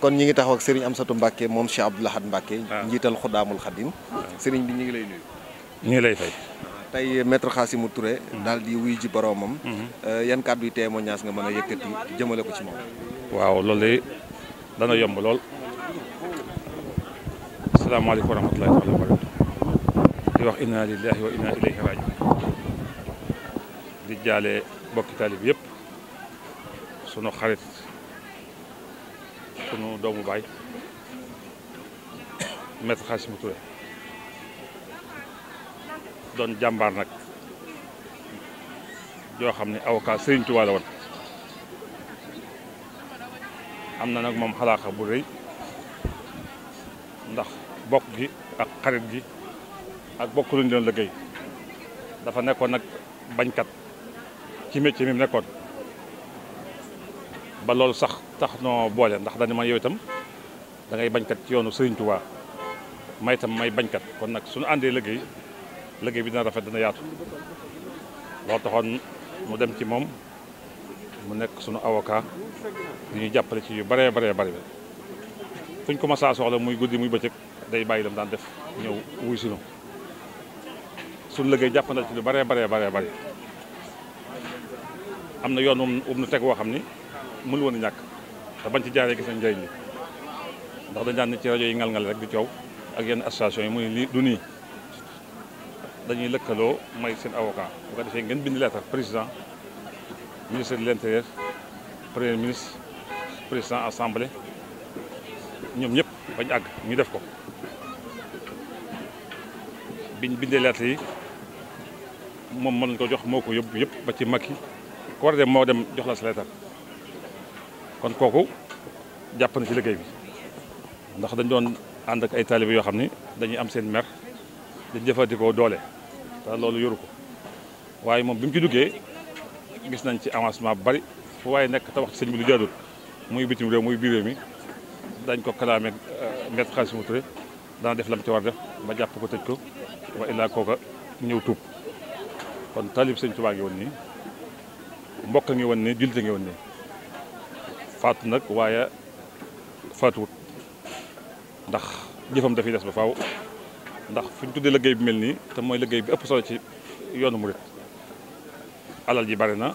kon ñi ngi taxaw ak Serigne Amsatou Mbacke moom Cheikh Abdoul Ahad Mbacke. waaw ah. njiital Xudaamul Xadim. sëriñ bi ñu ngi lay nuyu. ñu ngi lay fay. tey maître Khassimou Touré. Mm-hmm. daal di wuy ji boroomam. Mm-hmm. Euh, yan kàddu yi témoignage nga mën a yëkkati jëmale ko ci moom. waaw loolu de dana yomb lool. asalaamaaleykum wa rahmatulahi wa barakatu. di wax inna lillahi wa inna ilayhi rajiun. di jaale bokki taalib yëpp sunu xarit. sunu doomu baay maître Khassimou Touré doon jàmbaar nag yoo xam ne avocat Serigne Touba la woon am na nag moom xalaaxa bu rëy ndax bokk gi ak xarit gi ak bokk lu ñu doon liggéey dafa nekkoon nag bañkat ci métier mi nekkoon ba loolu sax tax noo boole ndax dañu ma yow itam dangay ngay bañkat ci yoonu Serigne Touba may itam may bañkat kon nag suñu àndee liggéey liggéey bi dina rafet dana yaatu loolu taxoon mu dem ci moom mu nekk suñu avocat di ñu jàppale ci yu baree baree bari bi ko masaa soxla muy guddi muy bëccëg day bàyyi lam daan def ñëw wuy sinu suñu liggéey na ci lu baree baree baree bari am na yoon um nu teg woo xam ni mënu woon a ñàkk te bañ ci jaaree gis nañ njëriñ li ndax dañ daan ne ci rajo yi ngal-ngal rek di coow ak yenn association yi mu ne lii du nii dañuy lëkkaloo may seen avocat bu defee ngeen bind lettre président ministre de l'intérieur premier ministre président assemblée ñoom ñëpp bañ àgg ñu def ko biñ bindee lettre yi moom mën nañ ko jox moo ko yóbbu yëpp ba ci Macky ku war dem moo dem jox la sa lettre kon kooku jàpp na ci liggéey bi ndax dañ doon ànd ak ay taalibe yoo xam ni dañuy am seen mer dañ jëfandikoo doole te loolu yoru ko waaye moom bi mu ci duggee gis nañ ci avancement bu bari fu waaye nekk te wax ci sëñ bi lu jaadul muy bitim réew muy biir mi dañ ko kalaame euh, maître Khassimou Touré dana def lam ci war def ba jàpp ko tëj ko wa illaa kooka ñëw tuub kon taalib sëñ Tuubaa ngi woon nii mbokk ngi woon nii jullit ngi woon nii faatu nag waaye faatuwut ndax jëfam dafiy des ba faw ndax fu ñu tuddee liggéey bi mel nii te mooy liggéey bi ëpp solo ci yoonu murit alal yi bari na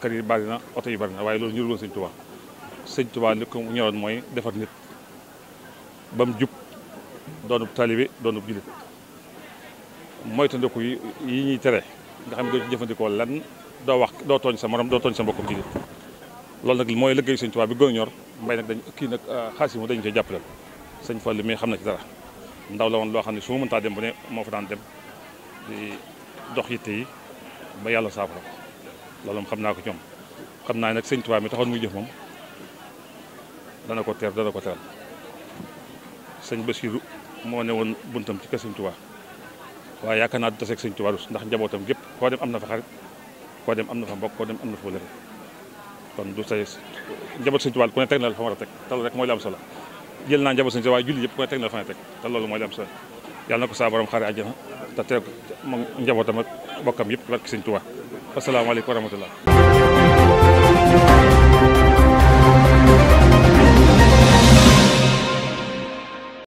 kër yi bari na oto yi bari waaye loolu ñurul woon sëñ Tuubaa sëñ Tuubaa li ko ñoroon mooy defar nit ba mu jub doonub taalibe doonub jullit moytandiku yi ñuy tere nga xam ne doo ci jëfandikoo lan doo wax doo tooñ sa morom doo tooñ sa mbokkum jullit loolu nag mooy liggéey Sëñ Tuubaa bi gën a ñor mbay nag dañ kii nag ah, xaasimu dañu cee jàppale sëñ Fallu mi xam na ci dara ndaw la woon loo xam ne su ma mëntaa dem bu ne moo fa daan dem di dox ba yàlla saafara ko xam naa ko ñoom xam naa nag Sëñ Tuubaa mi taxoon muy jëf moom dana ko teer dana ko teral sëñ Basiiru moo ne woon buntam ci kër Sëñ Tuubaa waaye yaakaar naa du taseeg Sëñ Tuubaa dus ndax njabootam gépp koo dem am na fa xarit koo dem am na fa mbokk koo dem am na fa lëre kon du say njaboot Sëñ Tuubaa ku ne teg na fa war a teg te loolu rek mooy li am jël naa njaboot Sëñ Tuubaa waaye julli yëpp ku ne teg na la fa teg te loolu mooy li am solo yàlla na ko saa borom xaare àjjana te teew moom njabootam ak bokkam yëpp barke Sëñ Tuubaa asalaamaaleykum wa rahmatullah